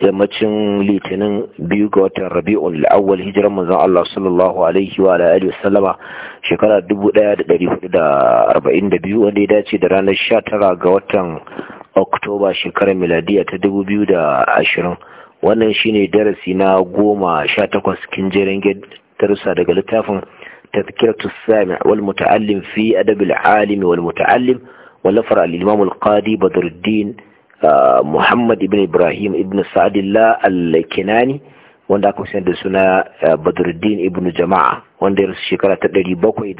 yammacin litinin biyu ga watan rabi'un awwal hijiran manzon Allah sallallahu alaihi wa alihi sallama shekara 1442 wanda ya dace da ranar 19 ga watan Oktoba shekarar miladiya ta 2020 wannan shine darasi na goma sha takwas kin jeren darussa daga littafin tazkiratu sami wal muta'allim fi adabin alimi wal muta'allim wallafar al-imam al-qadi badruddin Muhammad ibn Ibrahim ibn Sa'adillah al-Kinani wanda aka sani da suna Badruddin ibn Jama'a wanda ya shekara ta 733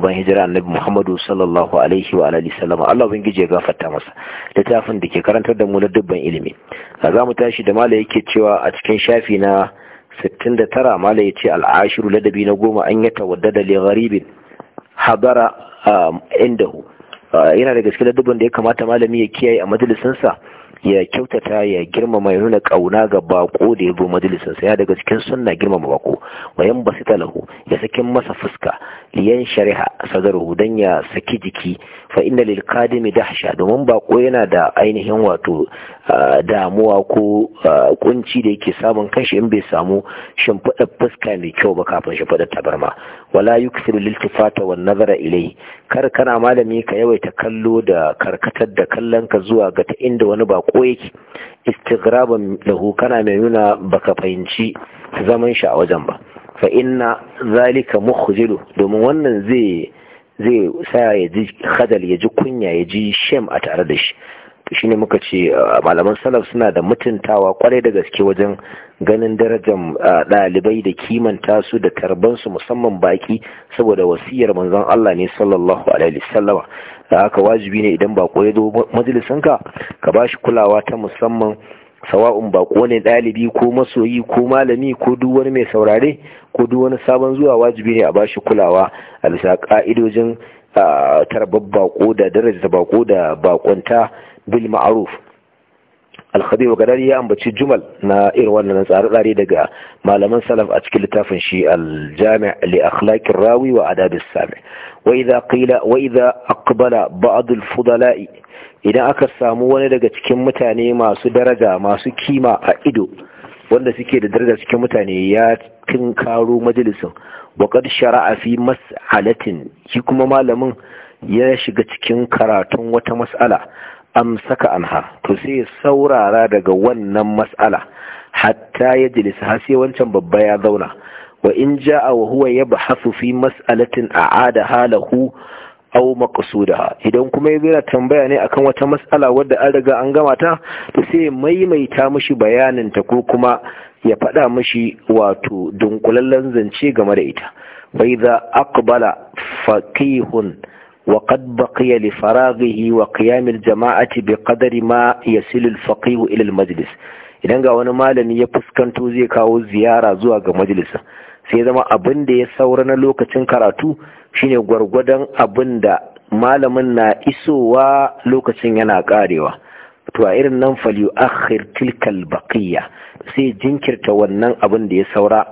bayan hijira Annabi Muhammadu sallallahu alaihi wa alihi sallam Allah ubangije ya gafarta masa littafin da ke karantar da mu na dubban ilimi za mu tashi da malai yake cewa a cikin shafi na 69 malai yace al-ashiru ladabi na goma an waddada li gharibin hadara indahu Ah, yana daga cikin ladabin da ya kamata malami ya kiyaye a majalisinsa ya kyautata ya girmama ya nuna kauna ga bako da ya zo majalisinsa ya daga cikin sunna girmama bako wayan basita lahu ya sakin masa fuska liyan shari'a sadaruhu dan ya saki jiki fa inna lil qadimi dahsha domin bako yana da ainihin wato ah, damuwa ko kunci ah, da yake samun kanshi in bai samu shimfiɗa fuska mai kyau ba kafin shimfiɗa tabarma wala yukthiru liltifata wan nazara ilai kar kana malami ka yawaita kallo da karkatar da kallon ka zuwa ga ta inda wani bako yake istighraban lahu kana mai nuna baka fahimci zaman shi a wajen ba fa inna zalika mukhjilu domin wannan zai zai sa ya ji khadal ya ji kunya ya ji shem a tare da shi shine muka ce uh, malaman salaf suna da mutuntawa kwarai da gaske wajen ganin darajar uh, ɗalibai da kimanta su da tarban musamman baki saboda wasiyar manzon Allah ne sallallahu alaihi wasallama da haka wajibi ne idan bako ya zo majalisinka ka bashi kulawa ta musamman sawa'un bako ne ɗalibi ko masoyi ko malami ko duk wani mai saurare ko duk wani sabon zuwa wajibi ne a bashi kulawa a bisa ka'idojin uh, tarbar bako da darajar bako da bakonta bil ma'ruf al-khadir gadari ya ambaci jumal na irin wannan tsare-tsare daga malaman salaf a cikin littafin shi al-jami' li akhlaqir rawi wa adab as-sami' wa idha qila wa idha aqbala ba'd al-fudala'i idan aka samu wani daga cikin mutane masu daraja masu kima a ido wanda suke da daraja cikin mutane ya tinkaro majalisin wa qad shara'a fi mas'alatin shi kuma malamin ya shiga cikin karatun wata mas'ala amsaka anha to sai ya saurara daga wannan mas'ala hatta ya jilisa har sai wancan babba ya zauna wa in ja'a wa huwa yabhasu fi mas'alatin a'ada halahu aw maqsudaha idan kuma ya yana tambaya ne akan wata mas'ala wadda an riga an gama ta to sai maimaita mishi bayanin ta ko kuma ya faɗa mishi wato dunkulallen zance game da ita fa idza aqbala faqihun وقد بقي لفراغه وقيام الجماعة بقدر ما يسل الفقيه إلى المجلس idan ga wani malami ya fuskanto zai kawo ziyara zuwa ga majalisa sai zama abin da ya saura na lokacin karatu shine gwargwadon abin da malamin na isowa lokacin yana karewa to a irin nan faliyu akhir tilkal baqiya sai jinkirta wannan abin da ya saura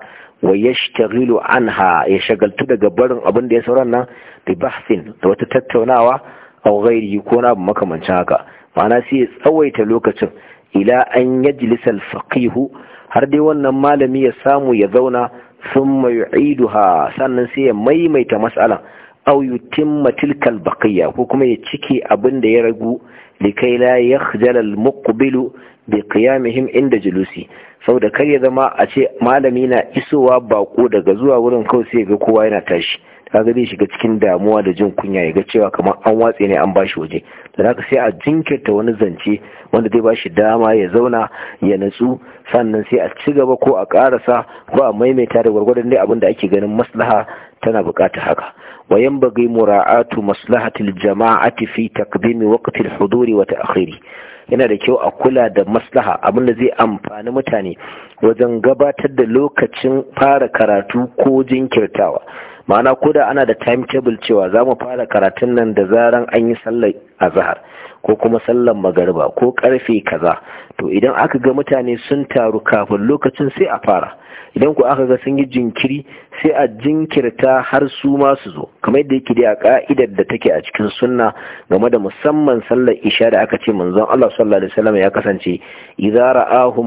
wa yashtaghilu anha ya shagaltu daga barin abin da ya sauran nan bi bahsin da wata tattaunawa aw yi ko na makamancin haka ma'ana sai ya tsawaita lokacin ila an yajlisa al-faqihu har dai wannan malami ya samu ya zauna thumma yu'iduha sannan sai ya maimaita mas'alan aw yutimma tilka al-baqiya ko kuma ya cike abin da ya ragu likai la yakhjala al-muqbilu bi qiyamihim inda julusi saboda kar ya zama a ce malami na isowa bako daga zuwa wurin kawai sai ga kowa yana tashi ta zai shiga cikin damuwa da jin kunya ya ga cewa kamar an watse ne an bashi waje da haka sai a jinkirta wani zance wanda zai bashi dama ya zauna ya natsu sannan sai a ci gaba ko a karasa ko a maimaita da gwargwadon ne abin da ake ganin maslaha tana bukata haka wayan bagai mura'atu maslahatil jama'ati fi takdimi waqtil huduri wa ta'khiri yana da kyau a kula da maslaha abin da zai amfani mutane wajen gabatar da lokacin fara karatu ko jinkirtawa ma'ana ko da ana da timetable cewa za mu fara karatun nan da zaran an yi sallar azhar ko kuma sallar magariba ko karfe kaza to idan aka ga mutane sun taru kafin lokacin sai a fara idan ku aka ga sun yi jinkiri sai a jinkirta har su ma su zo kamar yadda yake dai a ka'idar da take a cikin sunna game da musamman sallar isha da aka ce manzon Allah sallallahu alaihi wasallam ya kasance idza ra'ahu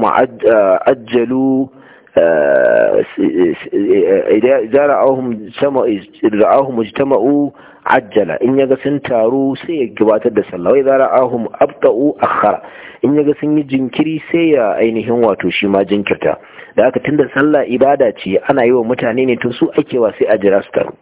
ajjalu eh, eh, idza ra'ahum sama ra'ahum mujtama'u ajjala in yaga sun taru sai ya gabatar da sallah wai zara ahum abta'u akhara in yaga sun yi jinkiri sai ya ainihin wato shi ma jinkirta da aka tunda sallah ibada ce ana yi wa mutane ne tun su aikewa sai a jira su taru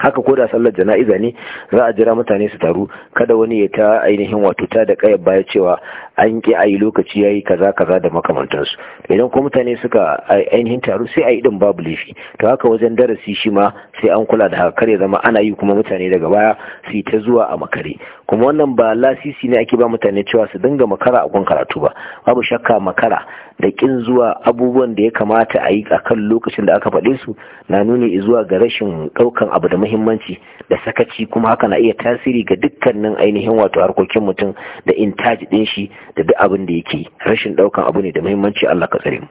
haka ko da sallar jana'iza ne za a jira mutane su taru kada wani ya ta ainihin wato ta da kayar baya cewa an ki yi lokaci ya yi kaza kaza da makamantansu idan kuma mutane suka ainihin taru sai a yi din babu laifi to haka wajen darasi shi ma sai an kula da haka kare zama ana yi kuma mutane daga baya su ta zuwa a makare kuma wannan ba lasisi ne ake ba mutane cewa su dinga makara a gun karatu ba babu shakka makara da kin zuwa abubuwan da ya kamata a yi a kan lokacin da aka faɗe su na nuni zuwa ga rashin ɗaukan abu da muhimmanci da sakaci kuma haka na iya tasiri ga dukkanin ainihin wato harkokin mutum da in intaji din shi da duk abin da yake rashin ɗaukan abu ne da muhimmanci Allah ka tsare mu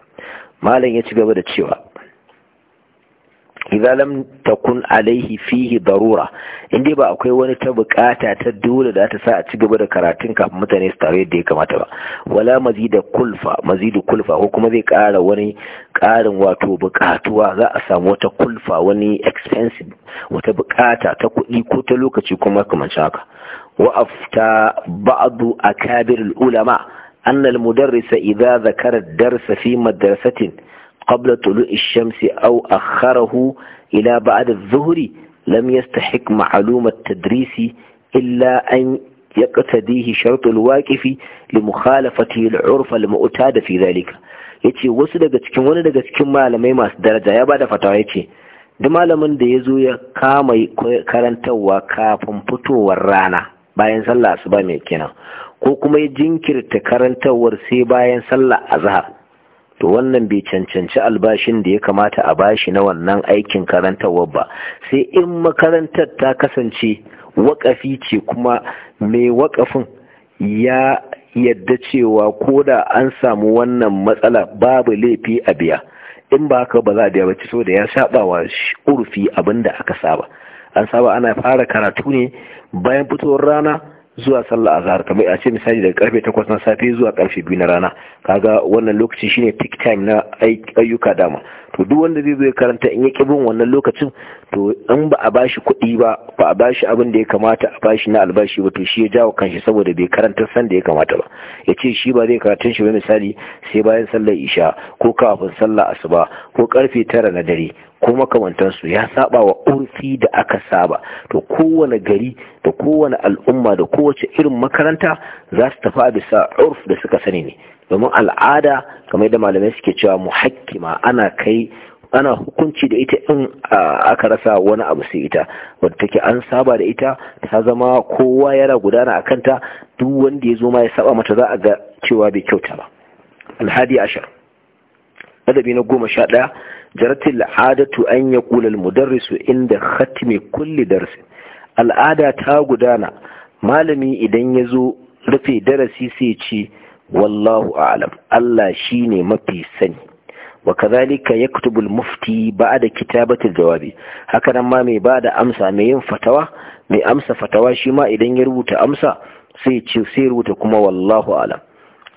malam ya ci gaba da cewa idza lam takun alaihi fihi darura dai ba akwai wani ta bukata ta dole da ta sa a ci gaba da karatun kafin mutane su tare da ya kamata ba wala mazida kulfa mazidu kulfa ko kuma zai kara wani karin wato bukatuwa za a samu wata kulfa wani expensive wata bukata ta kuɗi ko ta lokaci kuma kamar haka wa afta ba'du akabir ulama أن المدرس إذا ذكر الدرس fi مدرسة qabla tulu'i shamsi aw akharahu ila ba'da adh-dhuhri lam yastahiq ma'lum at-tadrisi illa an yaqtadihi shart al-waqifi li mukhalafati al-'urf al-mu'tada fi dhalika yace wasu daga cikin wani daga cikin malamai masu daraja ya bada fatawa yace duk malamin da ya zo ya kama karantarwa kafin fitowar rana bayan sallah asuba mai kenan ko kuma ya jinkirta karantarwar sai bayan sallah a zahar. to wannan bai cancanci albashin da ya kamata a bashi na wannan aikin karantarwar ba sai in makarantar ta kasance wakafi ce kuma mai wakafin ya yadda cewa ko da an samu wannan matsala babu laifi a biya in ba haka ba za a biya ba so da ya shaɓa wa urfi abinda aka saba an saba ana fara karatu ne bayan fitowar rana zuwa sallah azhar kamar a ce misali daga karfe 8 na safe zuwa karfe 2 na rana kaga wannan lokaci shine peak time na ayyuka dama to duk wanda zai zo ya karanta in ya ki bin wannan lokacin to in ba a bashi kuɗi ba ba a bashi abin da ya kamata a bashi na albashi ba to shi ya jawo kanshi saboda bai karanta san da ya kamata ba ya ce shi ba zai karatun shi ba misali sai bayan sallar isha ko kafin sallar asuba ko karfe 9 na dare ko makamantansu ya saba wa urfi da aka saba to kowane gari da kowane al'umma da kowace irin makaranta za su tafi a bisa urf da suka sani ne domin al'ada kamar da malamai suke cewa muhakkima ana kai ana hukunci da ita in aka rasa wani abu sai ita wadda take an saba da ita ta zama kowa yana gudana a kanta duk wanda ya zo ma ya saba mata za a ga cewa bai kyauta ba alhadi ashar adabi na goma sha ɗaya jaratil adatu an yaqula al-mudarrisu inda khatmi kulli darasi. al'ada ta gudana malami idan ya zo rufe darasi sai ce wallahu a'lam Allah shine mafi sani wa kadhalika yaktubu al-mufti ba'da kitabati al-jawabi haka nan ma mai da amsa mai yin fatawa mai amsa fatawa shima idan ya rubuta amsa sai ce sai rubuta kuma wallahu a'lam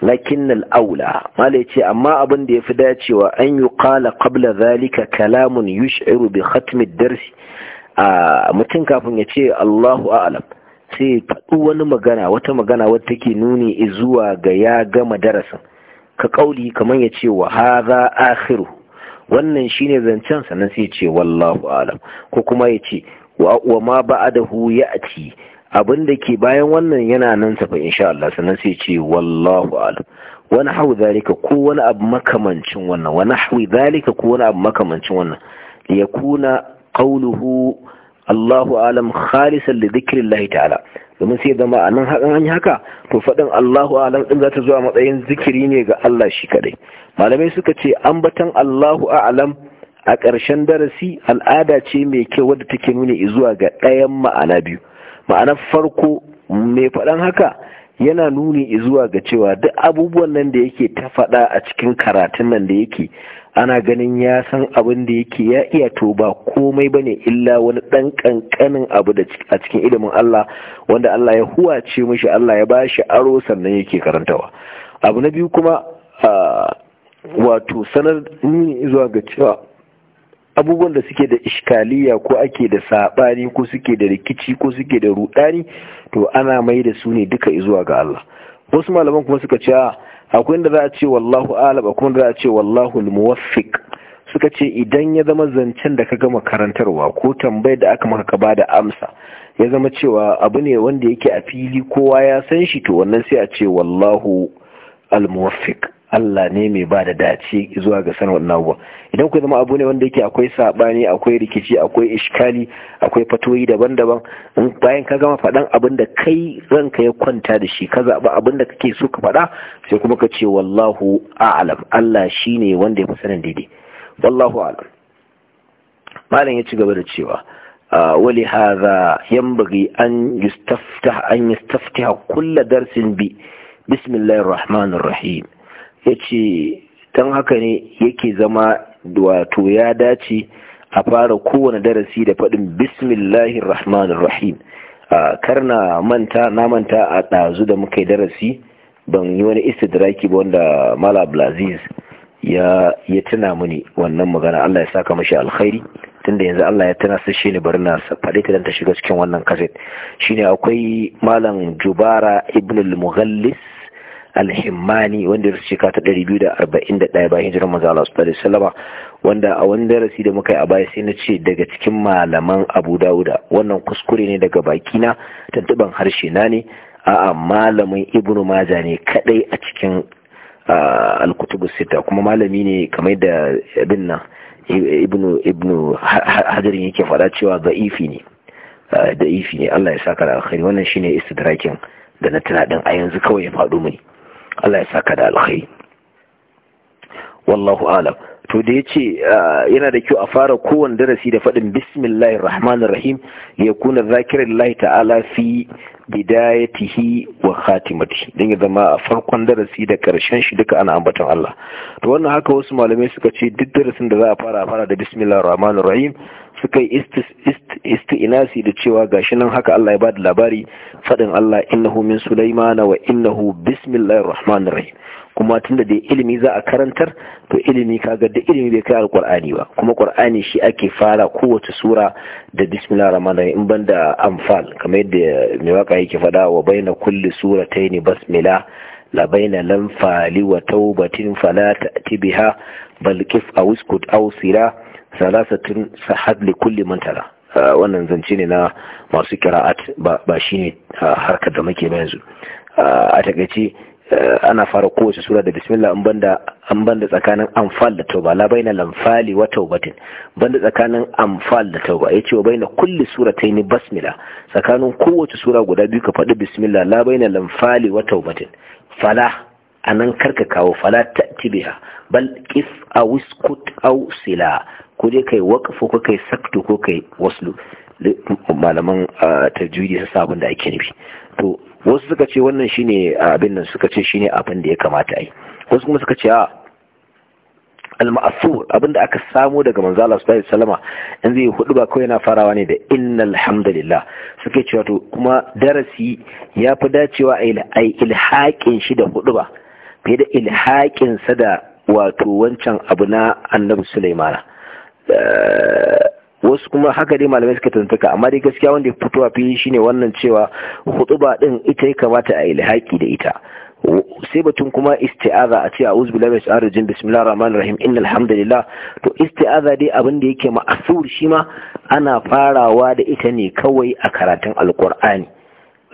lakin al'aula mala ya ce amma abin da ya fi dacewa an yi kala kabla zalika kalamun yush'iru bi khatmid darsi a mutum kafin ya ce Allahu a'lam sai faɗi wani magana wata magana wadda take nuni zuwa ga ya gama darasin ka kauli kamar ya ce wa hadha akhiru wannan shine zancen sannan sai ya ce wallahu a'lam ko kuma ya ce wa ma ba'adahu ya'ti abin da ke bayan wannan yana nan in insha Allah sannan sai ce wallahu alam wani hau zalika ko wani abu makamancin wannan wani hau zalika ko wani abu makamancin wannan ya kuna qauluhu Allahu alam khalisan li dhikrillah ta'ala domin sai zama a nan hakan an yi haka to faɗin Allahu alam din za ta zo matsayin zikiri ne ga Allah shi kaɗai. malamai suka ce ambatan Allahu a'lam a ƙarshen darasi al'ada ce mai kyau wadda take nuna zuwa ga ɗayan ma'ana biyu ma'anar farko mai faɗan haka yana nuni zuwa ga cewa duk abubuwan nan da yake ta faɗa a cikin karatun nan da yake ana ganin ya san abin da yake ya iya to ba komai ba ne illa wani ɗan ƙanƙanin abu a cikin ilimin Allah wanda Allah ya huwace mashi Allah ya bashi aro sannan yake karantawa abu na biyu kuma ah, wato sanar nuni zuwa ga cewa abubuwan da suke da iskaliya ko ake da saɓani ko suke da rikici ko suke da rudani to ana mai da su ne duka izuwa ga Allah wasu malaman kuma suka ce akwai inda za a ce wallahu alam akwai inda za a ce wallahu muwaffiq suka ce idan ya zama zancen da ka gama karantarwa ko tambayar da aka maka ba da amsa ya zama cewa abu ne wanda yake a fili kowa ya san shi to wannan sai a ce wallahu al-muwaffiq Allah ne mai ba da dace zuwa ga sanin wannan idan ku zama abu ne wanda yake akwai sabani akwai rikici akwai ishkali akwai fatoyi daban-daban in bayan ka gama faɗan abin da kai ranka ya kwanta da shi ka zaɓa abin da kake so ka faɗa sai kuma ka ce wallahu a'lam Allah shine wanda ya fi sanin daidai wallahu a'lam malam ya ci gaba da cewa ah, wali hadha yanbaghi an yustaftah an yastaftaha kull darsin bi bismillahir rahmanir rahim ya ce don haka ne yake zama wato ya dace a fara kowane darasi da faɗin bismillahir rahmanir rahim kar na manta na manta a ɗazu da muka yi darasi ban yi wani istidraki ba wanda mala blaziz ya tuna mini wannan magana Allah ya saka mashi alkhairi tunda yanzu Allah ya tana sai shine bari na faɗi ta dan ta shiga cikin wannan kaset shine akwai malam Jubara ibn al-Mughallis alhimmani wanda ya shekara ta 241 bayan hijirar manzo Allah sallallahu alaihi wanda a wani darasi da muka yi a baya sai na ce daga cikin malaman Abu Dawuda wannan kuskure ne daga bakina tantuban harshe na ne a malamin Ibnu Majah ne kadai a cikin alkutubu sita kuma malami ne kamar da bin nan ibnu ibnu hadarin yake faɗa cewa da'ifi ne da'ifi ne Allah ya saka da alkhairi wannan shine istidrakin da na tana din a yanzu kawai ya faɗo mini Allah ya saka da alkhairi wallahu alam to da ya ce ah, yana da kyau a fara kowane darasi da faɗin bismillahir rahmanir rahim ya kuna zakirar lahi ta'ala fi bidayatihi wa khatimati dan ya zama a farkon darasi da ƙarshen shi duka ana ambaton Allah to wannan haka wasu malamai suka ce duk darasin da za a fara a fara da bismillahir rahmanir rahim suka yi isti'inasi da cewa gashi nan haka Allah ya bada labari faɗin Allah innahu min sulaimana wa innahu bismillahir rahmanir rahim kuma tunda da ilimi za a karantar to ilimi kaga da ilimi bai kai alqur'ani ba kuma qur'ani shi ake fara kowace sura da bismillahir rahmanir rahim in banda amfal kamar yadda mai waka yake fada wa baina kulli surataini basmila la baina lamfali wa taubatin fala ta'ti biha bal kif awskut aw sira salasatin sahad li kulli man tara ah, wannan zance ne na masu kira'at ba shine ah, harkar da muke ba yanzu ah, a takaice ana fara kowace sura da bismillah an banda an banda tsakanin amfal da tauba la baina lamfali wa taubatin banda tsakanin amfal da tauba yace wa baina kulli suratayn basmila tsakanin kowace sura guda biyu ka faɗi bismillah la baina lamfali wa taubatin fala anan karka kawo fala ta'ti biha bal qif aw iskut aw sila ko dai kai waqfu ko kai saktu ko kai waslu malaman tajwidi su sabon da ake nufi to wasu suka ce wannan shine abin nan suka ce shine abin da ya kamata ai wasu kuma suka ce a al-ma'thur da aka samu daga manzo Allah sallallahu alaihi wasallama in zai hudu ba kawai yana farawa ne da innal hamdalillah suke cewa to kuma darasi ya fi dacewa a ilhaqin shi da hudu ba fiye da ilhaqin sa da wato wancan abu na Annabi Sulaimana Eh, wasu kuma haka dai malamai suka tantaka amma dai gaskiya wanda ya fito a fili shine wannan cewa hutuba din ita ya kamata a ilhaki da ita sai batun kuma isti'aza a ce a'udhu billahi minash shaitanir rajim bismillahir rahmanir rahim innal hamdalillah to isti'aza dai abin da yake ma'asur shi ma ana farawa da ita ne kawai a karatun alqur'ani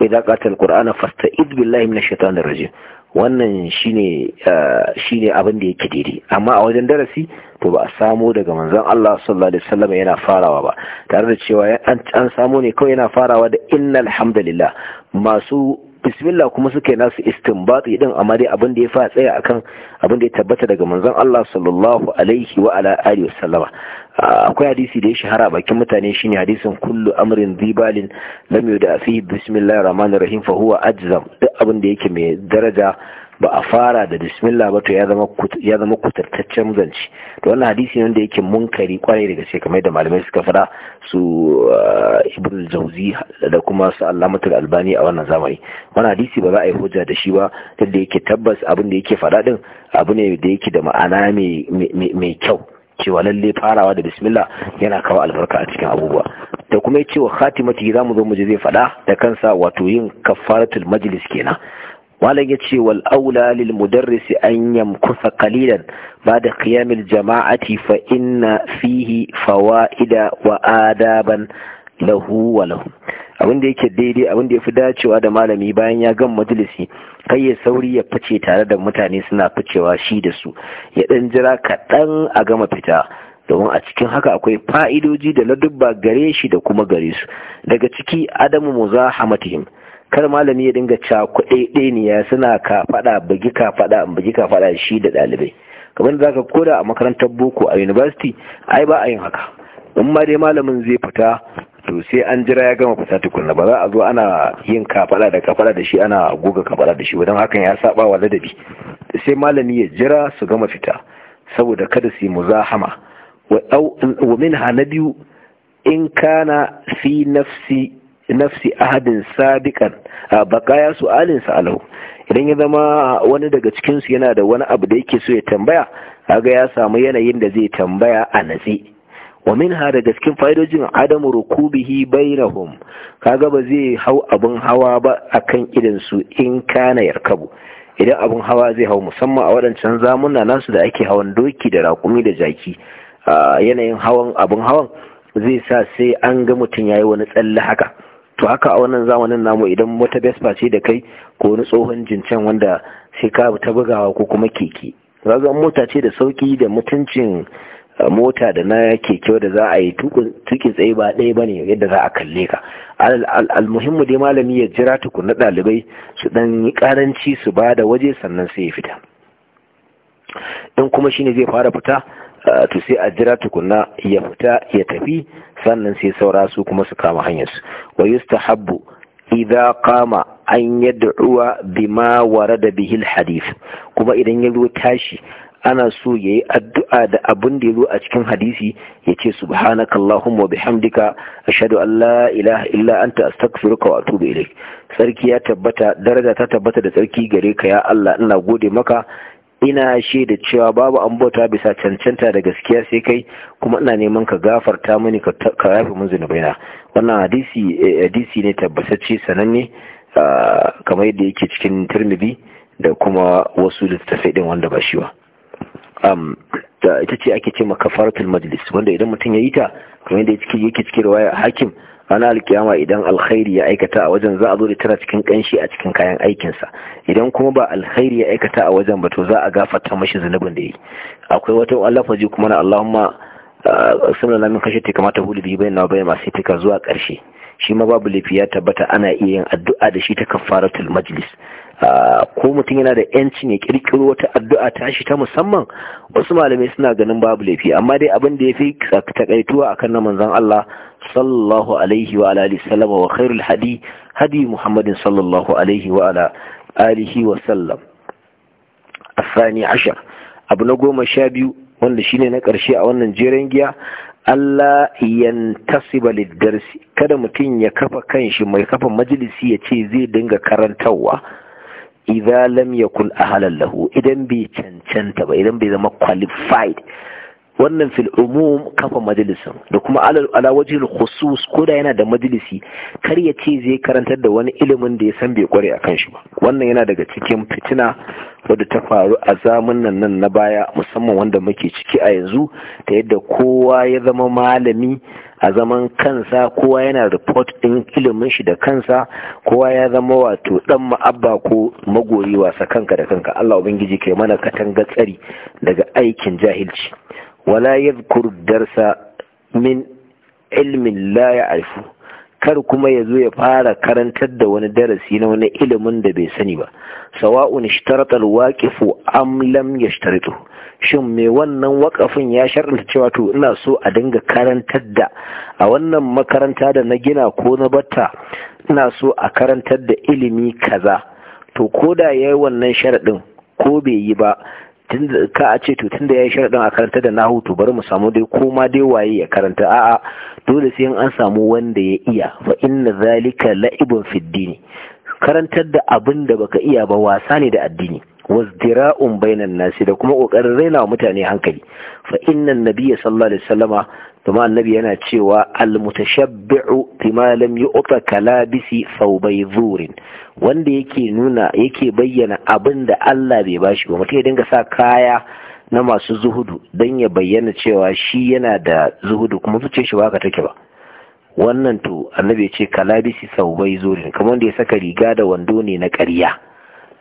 idza qata alqur'ana fasta'id billahi minash shaitanir rajim wannan shine uh, shine abin da yake daidai amma a wajen darasi to ba a samu daga manzon Allah sallallahu alaihi wasallam yana farawa ba tare da cewa an samu ne kawai yana farawa da innal hamdalillah masu bismillah kuma suka yi nasu istinbati din amma dai abin da ya fa tsaya akan abin da ya tabbata daga manzon Allah sallallahu alaihi wa ala alihi wasallama ah, akwai hadisi da ya shahara bakin mutane shine hadisin kullu amrin zibalin lam yuda fihi bismillahir rahmanir rahim fa huwa ajzam duk abin da yake mai daraja ba a fara da bismillah ba to ya zama kutattaccen zanci zance to wannan hadisi ne wanda yake munkari kwarai daga gaske kamar da malamai suka fada su uh, ibn jauzi da kuma su allamatul albani a wannan zamani wannan hadisi ba za a yi hujja da shi ba da yake tabbas abin da yake fada din abu ne da yake da ma'ana mai kyau cewa lalle farawa da bismillah yana kawo albarka a cikin abubuwa da kuma ya cewa khatimati za mu zo mu je zai fada da kansa wato yin kafaratul majlis kenan malam ya ce wal aula lil mudarrisi an yamkusa qalilan ba'da qiyamil jama'ati fa inna fihi fawaida wa adaban lahu wa lahu abin da yake daidai abin da yafi dacewa da malami bayan ya gan majalisi kai ya sauri ya fice tare da mutane suna ficewa shi da su ya dan jira kaɗan a gama fita domin a cikin haka akwai fa'idoji da ladubba gare shi da kuma gare su daga ciki adamu muzahamatihim kar malami ya dinga cakuɗe ya suna ka faɗa bugi ka faɗa bugi ka faɗa shi da ɗalibai kamar da zaka koda a makarantar boko a university ai ba a yin haka in ma dai malamin zai fita to sai an jira ya gama fita tukunna ba za a zo ana yin faɗa da faɗa da shi ana goga kafaɗa da shi don hakan ya saba wa ladabi sai malami ya jira su gama fita saboda kada su yi muzahama wa min na biyu in kana fi nafsi nafsi ahadin sabiqan baqaya su'alin alahu. idan ya zama wani daga cikinsu yana da wani abu da yake so ya tambaya kaga ya samu yanayin da zai tambaya a natsi wa min ha daga cikin fa'idojin adamu rukubihi bainahum kaga ba zai hau abun hawa ba akan idan su in kana yarkabu idan abun hawa zai hau musamman a waɗancan zamuna nasu da ake hawan doki da raƙumi da jaki yanayin hawan abun hawan zai sa sai an ga mutum yayi wani tsalle haka to haka a wannan zamanin namu idan wata vespa ce da kai ko wani tsohon jincen wanda sai ka ta bugawa ko kuma keke zaga mota ce da sauki da mutuncin eh, mota da na keke da za a yi tukin tsaye ba ɗaya ba ne yadda za a kalle ka almuhimmu dai malami ya jira tukunna ɗalibai su ɗan yi ƙaranci su ba da waje sannan sai ya fita in kuma shine zai fara fita eh, to sai a jira tukunna ya fita ya tafi sannan sai saura su kuma su kama hanyarsu wa yustahabbu idza qama an yad'uwa bima warada bihi alhadith kuma idan ya zo tashi ana so yayi addu'a da abin da yazo a cikin hadisi yace subhanakallahumma bihamdika ashhadu an la ilaha illa anta astaghfiruka wa atubu ilayk sarki ya tabbata daraja ta tabbata da sarki gare ka ya Allah ina gode maka ina da cewa babu an bauta bisa cancanta da gaskiya sai kai kuma ina neman ka gafarta mini ka yafe mun zunubaina wannan hadisi eh, hadisi ne tabbatacce sananne ah, kamar yadda yake cikin Tirmidhi da kuma wasu littattafai din wanda ba shi ba ita ce ake ce kafaratul majlis wanda idan mutum ya yi ta kamar yadda yake cikin riwaya hakim ranar alkiyama idan alkhairi ya aikata a wajen za a zo da tara cikin kanshi a cikin kayan aikinsa idan kuma ba alkhairi ya aikata a wajen ba to za a gafarta mashi zunubin da yi akwai wata lafazi kuma na Allahumma sun lana min kashe kama ta hudu bai na bai masu tika zuwa karshe shi ma babu laifi ya tabbata ana iya yin addu'a da shi ta kafaratul majlis ko mutum yana da yancin ya kirkiro wata addu'a tashi ta musamman wasu malamai suna ganin babu laifi amma dai abin da ya fi takaituwa akan na manzon Allah صلى الله عليه وعلى آله وسلم وخير الحدي هدي محمد صلى الله عليه وعلى آله وسلم الثاني عشر abu na goma sha biyu wanda shine na ƙarshe a wannan jerin giya Allah yantasiba lidarsi kada mutum ya kafa kanshi mai kafa majalisi ya zai dinga karantarwa idza lam yakun ahalan lahu idan bai cancanta ba idan bai zama qualified wannan fil umum kafa majalisin da kuma ala wajhil khusus ko da yana da majalisi kar ya ce zai karantar da wani ilimin da ya san bai kware akan shi ba wannan yana daga cikin fitina wadda ta faru a zamanin nan na baya musamman wanda muke ciki a yanzu ta yadda kowa ya zama malami a zaman kansa kowa yana report ɗin ilimin shi da kansa kowa ya zama wato dan ma'abba ko magoyi wasa kanka da kanka Allah ubangiji kai mana katanga tsari daga aikin jahilci wala يذكر الدرس min علم لا يعرفه kar kuma ya zo ya fara karantar da wani darasi na wani ilimin da bai sani ba sawa'un ishtarata alwaqifu am lam yashtaritu shin me wannan wakafin ya sharɗa cewa to ina so a dinga karantar da a wannan makaranta da na gina ko na batta ina so a karantar da ilimi kaza to ko da yayi wannan sharaɗin ko bai yi ba ka a ce to ya yayi sharadin a karanta da na hutu, bari mu samu dai koma dai waye ya karanta a'a dole sai an samu wanda ya iya fa inna zalika la'ibun fiddini karantar da abin da baka iya ba wasa ne da addini wazdira'un bainan nasi da kuma kokarin raina mutane hankali fa innan nabiyya sallallahu alaihi wasallama Kuma annabi yana cewa almutashabbi'u bima lam yu'ta kalabisi thawbay zurin wanda yake nuna yake bayyana abin da Allah bai bashi ba mutum ya dinga sa kaya na masu zuhudu dan ya bayyana cewa shi yana da zuhudu kuma zuciyar shi ba ka take ba wannan to annabi ya ce kalabisi thawbay zurin, kamar wanda ya saka riga da wando ne na ƙarya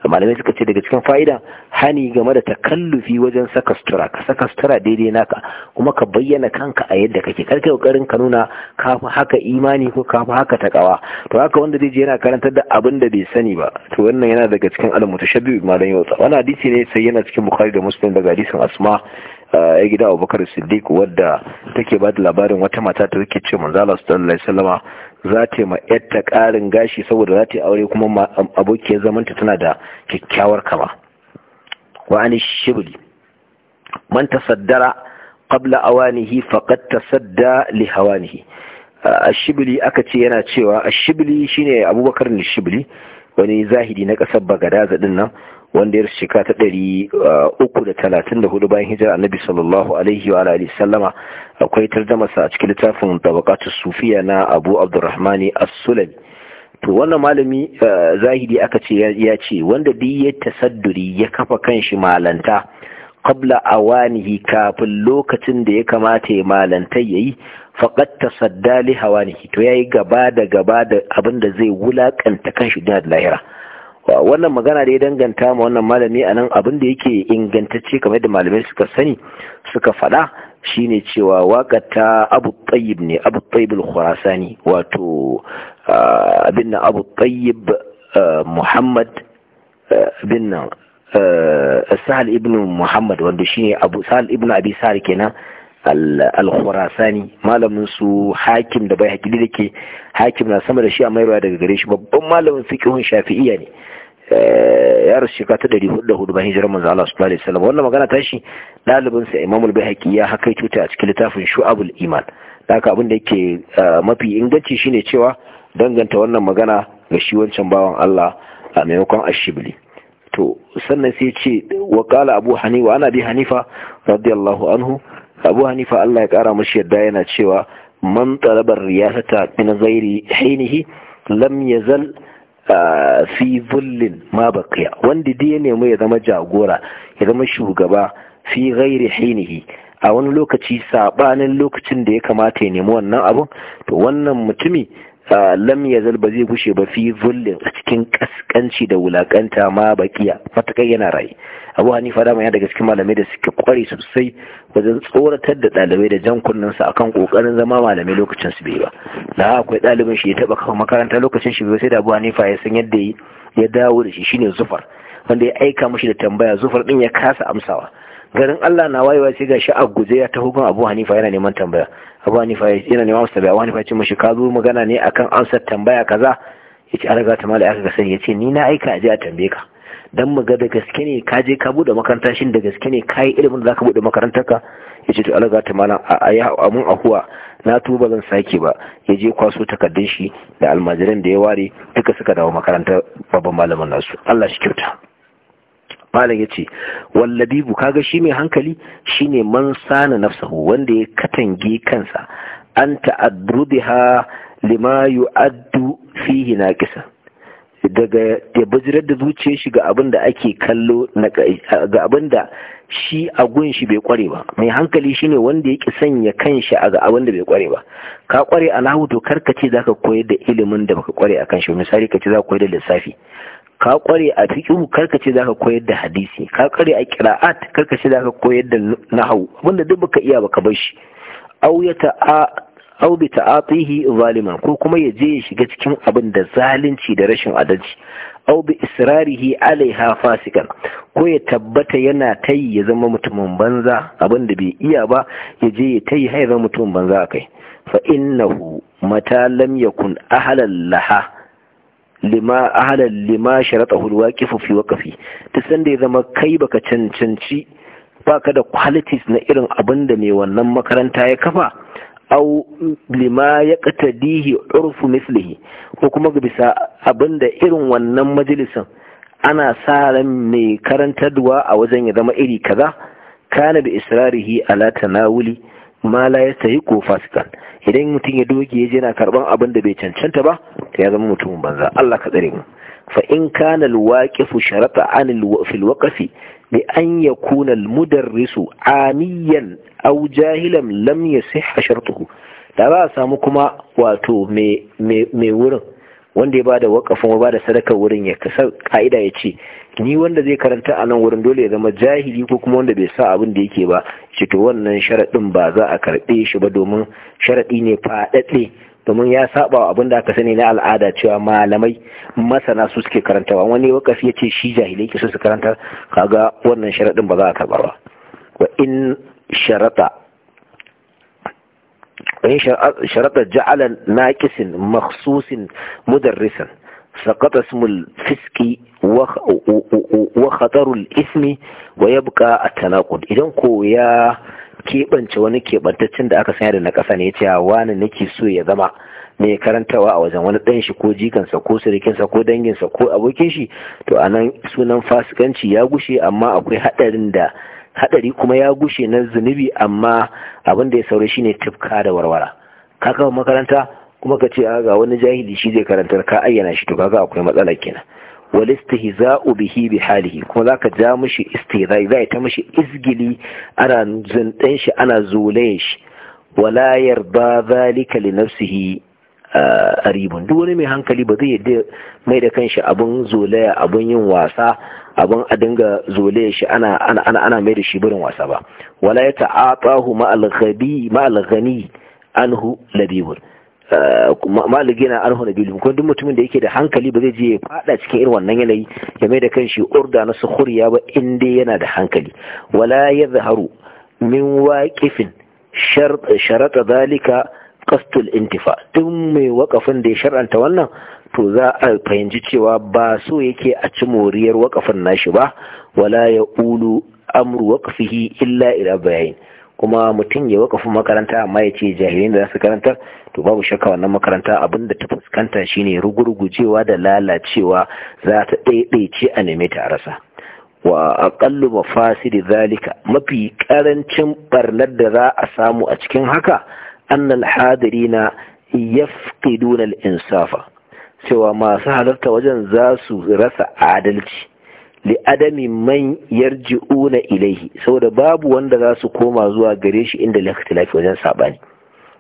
malamai suka ce daga cikin fa'ida hani game da takallufi wajen saka sutura ka saka sutura daidai naka kuma ka bayyana kanka a yadda kake karka kokarin ka nuna kafa haka imani ko kafa haka takawa to haka wanda zai je yana karantar da abin da bai sani ba to wannan yana daga cikin al-mutashabbi malam yau Wani hadisi ne sai yana cikin bukhari da muslim daga hadisin asma ya eh, gida abubakar siddiq wadda take ba da labarin wata mata ta rikice, ce manzo sallallahu alaihi wasallama za ta ma yadda ƙarin gashi saboda za ta yi aure kuma abokin zamanta tana da kyakkyawar kama wa an shibli man tasaddara qabla awanihi ta sadda li A ashibli aka ce yana cewa ashibli shine abubakar ne shibli wani zahidi na ƙasar bagadaza zaɗin nan wanda ya shika ta ɗari uh, uku da talatin da hudu bayan hijira annabi sallallahu alaihi wa alihi sallama akwai tarjamasa a cikin littafin tabaqatus sufiya na abu abdurrahmani as-sulami to wannan malami uh, zahiri aka ce ya ce wanda duk ya tasadduri ya kafa kanshi malanta kabla a awanihi kafin lokacin da ya kamata ya malanta yayi faqad tasaddali li hawanihi to yayi gaba da gaba da abin da zai wulakanta kanshi da lahira wannan magana da ya danganta ma wannan malami a nan abin da yake ingantacce kamar da malamai suka sani suka faɗa shine cewa waka ta abu tsayib ne abu tsayib khurasani wato abin na abu tsayib muhammad bin nan sahal ibn muhammad wanda shine abu sahal ibn abi sahal kenan al-khurasani malamin su hakim da bai hakili da ke hakim na sama da shi a maiwa daga gare shi babban malamin fiqhun shafi'iyya ne Eh, ya rasu shekara ta ɗari hudu hudu bayan hijirar manzo Allah sallallahu alaihi wannan magana tashi ɗalibin sa Imam al-Baihaqi ya haka cuta a cikin littafin Shu'abul Iman haka abin da yake eh, mafi inganci shine cewa danganta wannan magana ga shi wancan bawan Allah a maimakon Ashibli to sannan sai ce wa qala Abu Hanifa ana bi Hanifa radiyallahu anhu Abu Hanifa Allah ya kara mashi yadda yana cewa man talabar riyasata min ghairi hinihi lam yazal fi zullin ma baqiya wanda dai ya nemi ya zama jagora ya zama shugaba fi ghairi hinihi a wani lokaci sabanin lokacin da ya kamata ya nemi wannan abun to wannan mutumi lam yazal ba zai gushe ba fi zullin a cikin kaskanci da wulakanta ma bakiya matakai yana rayu abu hanifa dama ya daga cikin malamai da suke kware sosai wajen tsoratar da ɗalibai da jan kunnen su akan kokarin zama malamai lokacin su bai ba da akwai ɗalibin shi ya taba kafa makaranta lokacin shi bai sai da abu hanifa ya san yadda ya dawo da shi shine zufar wanda ya aika mashi da tambaya zufar din ya kasa amsawa garin Allah na wayewa sai gashi a guje ya taho gun Abu Hanifa yana neman tambaya Abu Hanifa yana neman masa tambaya Abu Hanifa ce mishi ka zo magana ne akan amsar tambaya kaza yace an riga ta mala aka ga sani yace ni na aika aje a tambaye ka dan mu ga da gaske ne ka je ka bude makaranta shin da gaske ne kai ilimin da zaka bude makarantar ka yace to Allah ta mala a ya amun ahuwa na tuba zan sake ba ya je kwaso takardun shi da almajiran da ya ware duka suka dawo makarantar babban malamin nasu Allah shi kyauta malam yace wallabibu kaga shi mai hankali Shi ne man sana nafsahu wanda ya katange kansa an ha lima yu'addu fihi kisa daga ya bajirar da zuciyar shi ga abin da ake kallo ga abin da shi a gun shi bai kware ba mai hankali shi ne wanda ya yake sanya kanshi a ga abin da bai kware ba ka kware a nahu to ka ce zaka koyar da ilimin da baka kware a kanshi misali ka ce ka koyar da lissafi ka kware a fiqhu karka ce zaka koyar da hadisi ka kware a qira'at karka ce zaka koyar da nahwu abinda duk baka iya baka bar shi aw ya aw bi ta'atihi zalima ko kuma ya je ya shiga cikin abin da zalunci da rashin adalci aw bi israrihi alaiha fasikan ko ya tabbata yana tayi ya zama mutumin banza abin da bai iya ba ya je ya tayi har ya zama mutumin banza akai fa innahu mata lam yakun ahlan laha lima ahalar lima sharatahu waqifu fi waqfi san sanda ya zama kai baka cancanci baka da qualities na irin abin da wannan makaranta ya kafa au lima ya qatadihi urfu mislihi ko kuma bisa abin da irin wannan majalisin ana sa ran mai karantarwa a wajen ya zama iri kaza kana bi israrihi ala tanawuli ya sayi ko fasikan idan mutum ya doge ya je na karban abin da bai cancanta ba ya zama mutumin banza Allah ka tsare mu fa in kana alwaqifu sharata an fil waqfi bi an yakuna almudarrisu amiyan aw jahilan lam yasihha shartuhu da ba a samu kuma wato me me wurin wanda ya bada wakafin ba da sadaka wurin ya kasa ka'ida ya ce ni wanda zai karanta a nan wurin dole ya zama jahili ko kuma wanda bai sa abin da yake ba ce to wannan sharaɗin ba za a karɓe shi ba domin sharaɗi ne faɗaɗe domin ya saba abin da aka sani na al'ada cewa malamai masana su suke karantawa wani wakafi ya ce shi jahilai ke so su karanta kaga wannan sharaɗin ba za a karɓa ba wa in sharaɗa وإن شرط جعل ناقص مخصوص مدرسا سقط اسم الفسق وخطر الاسم ويبقى التناقض إذن كو يا keɓance wani keɓantaccen da aka sanya da na ƙasa ne نكي wani nake so ya zama mai karantawa a wajen wani ɗan shi ko jikansa ko surikinsa ko danginsa ko abokin shi to anan sunan fasikanci ya gushe amma akwai haɗarin da hadari kuma ya gushe na zunubi amma abin da ya saurashi shine tufka da warwara ka kawo makaranta kuma ka ce ga wani jahili shi zai karantar ka ayyana shi to kaga akwai matsala kenan wal istihza'u bihi bi halihi kuma zaka ja mishi istihza'i zai ta mishi izgili ana zuntan shi ana zulayin shi wala yarda zalika li nafsihi aribun duk wani mai hankali ba zai yadda mai da kanshi abun zolaya abun yin wasa abin a dinga zole shi ana ana mai da shi burin wasa ba wala ya ta'atahu ma'al ghabi ma'al ghani anhu labibun eh, maligina anhu labibun ko duk mutumin da yake da hankali ba zai je ya fada cikin irin wannan yanayi ya mai da kanshi urda na sukhuriya ba in dai yana da hankali wala yadhharu min waqifin sharata dhalika qasdul intifa duk mai wakafin da ya shar'anta wannan to za a fahimci cewa ba so yake a ci moriyar wakafin nashi ba wala ya ulu amru waqfihi illa ila bayanin kuma mutum ya wakafi makaranta amma ya ce jahilin da za su karanta to babu shakka wannan makaranta abin da ta fuskanta shine rugurgujewa da lalacewa za ta ɗaiɗaice a neme ta rasa wa aqallu mafasidi zalika mafi karancin barnar da za a samu a cikin haka annal hadirina yafqiduna al-insafa cewa masu halarta wajen za su rasa adalci li'adami man yarji'una ilaihi saboda babu wanda za su koma zuwa gare shi inda lafi wajen sabani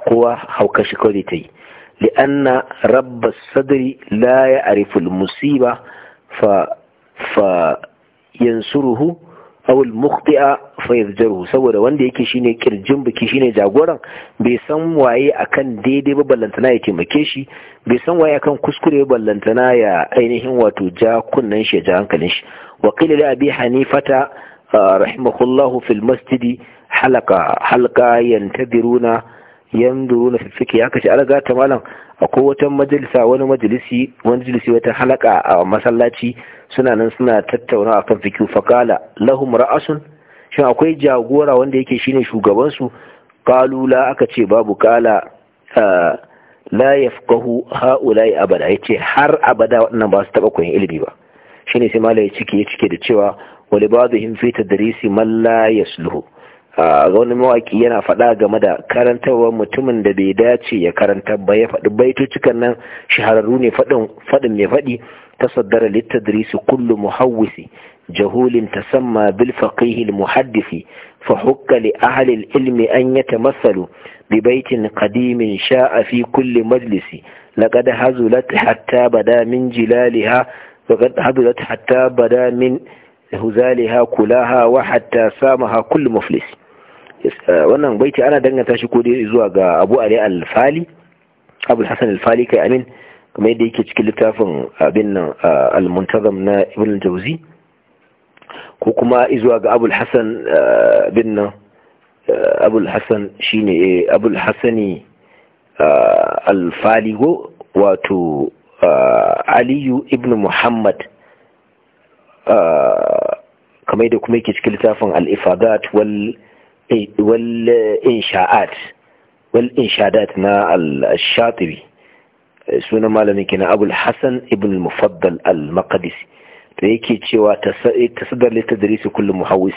kowa hauka shi kawai ta yi li'anna rabba sadri la ya ariful musiba fa fa yansuruhu awul mukhti'a fa yadjaruhu saboda wanda yake shine kirjin biki shine jagoran bai san waye akan daidai ba ballantana ya taimake shi bai san waye akan kuskure ba ballantana ya ainihin wato ja kunnan shi ja hankalin shi wa qila li abi hanifata ah, rahimahullahu fil masjidi halaka halka yantadiruna yanzuruna na fiffike aka ce alaga ta malam akwai wata majalisa wani majalisi wani majalisi wata halaka a masallaci suna nan suna tattauna a kan fikiyu fakala lahum ra'asun shin akwai jagora wanda yake shine shugaban su aka ce babu kala ah, la yafqahu haula'i abada yace har abada waɗannan ba su taba koyon ilimi ba shine sai malai ya cike ya cike da cewa wali libadhihim fi tadrisi man la yasluhu a wani mawaki yana faɗa game da karantarwar mutumin da bai dace ya karanta ba ya faɗi baitocikan nan shahararru ne faɗin mai faɗi tasaddara littadrisi kullu muhawwisi jahulin tasamma bil faqihi al muhaddisi fa hukka li ahli al ilmi an yatamassalu bi baitin qadimin sha'a fi kulli majlisi laqad hazulat hatta bada min jilaliha laqad hazulat hatta bada min huzaliha kulaha wa hatta samaha kullu muflis wannan baiti ana danganta shi ko dai zuwa ga Abu Ali al-Fali Abu Hassan al-Fali kai amin kuma yadda yake cikin littafin abin nan al-Muntazam na Ibn al-Jawzi ko kuma zuwa ga Abu Hassan bin nan Abu Hassan shine eh, Abu Hassani al-Fali go wato Aliyu ibn Muhammad kamar da kuma yake cikin littafin al-Ifadat wal والإنشاءات والإنشادات نا الشاطبي سنة مالمي كنا أبو الحسن ابن المفضل المقدسي da yake cewa لتدريس كل kullum وتدوان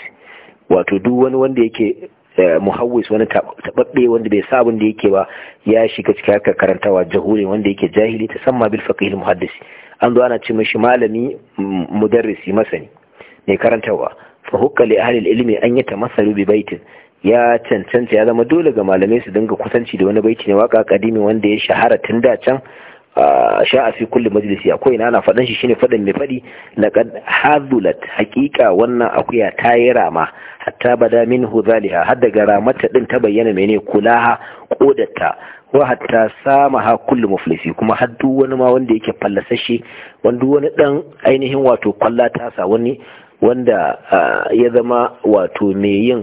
wato duk wani wanda muhawis wani taɓaɓɓe wanda bai sa da yake ba ya shiga cikin harkar karantawa jahuri wanda yake jahili ta samma bil faqih muhaddisi an zo ana ce mashi malami mudarrisi masani mai karantawa fahukka hukka li ilimi ilmi an yatamassalu bi baitin ya cancanta ya zama dole ga malamai su dinga kusanci da wani baiti ne waka kadimi wanda ya shahara tun da can a fi kulli majalisi akwai na ana faɗan shi shine faɗan mai faɗi laqad hadulat haqiqa wannan akuya ta yi rama hatta bada minhu zaliha har daga ramata din ta bayyana mene kulaha kodata wa hatta samaha kullu muflisi kuma har wani ma wanda yake fallasasshe wanda wani dan ainihin wato kwalla tasa wani wanda ya zama wato mai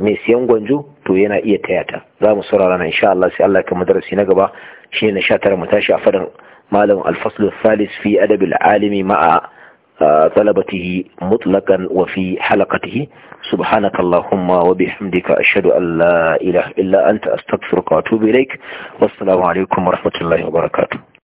mai siyan gwanjo to yana iya taya ta za mu saurara na insha Allah sai Allah kama darasi na gaba shi na sha tara mu tashi a faɗin malam alfaslu salis fi adabil alimi ma'a talabatihi mutlakan wa fi halaqatihi subhanaka allahumma wa bihamdika ashhadu an la ilaha illa anta astaghfiruka wa atubu ilaik wassalamu wa rahmatullahi wa barakatu.